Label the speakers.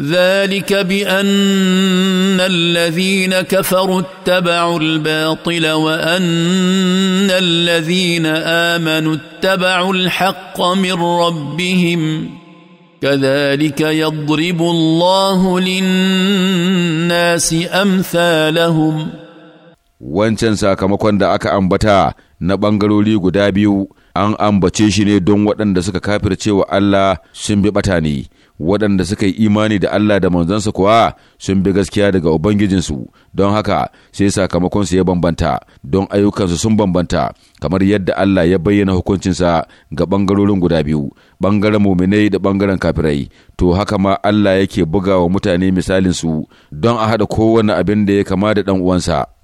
Speaker 1: ذلك بان الذين كفروا اتبعوا الباطل وان الذين امنوا اتبعوا الحق من ربهم كذلك يضرب الله للناس امثالهم
Speaker 2: wancan sakamakon da اكا امبتا na bangarori guda biyu an ambace shi ne don waɗanda suka kafirce wa Allah sun bi ɓata ne waɗanda suka yi imani da Allah da manzansa kuwa sun bi gaskiya daga Ubangijinsu don haka sai sakamakonsu ya bambanta don ayyukansu sun bambanta kamar yadda Allah ya bayyana hukuncinsa ga bangarorin guda biyu ɓangaren muminai da ɓangaren kafirai to haka ma Allah yake bugawa mutane misalinsu don a haɗa kowane abin da ya kama da ɗan uwansa.